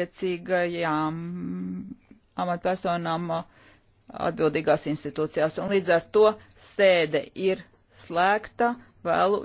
attiecīgajām amatpersonām uh, atbildīgās institūcijās. Un līdz ar to sēde ir slēgta. Vēlu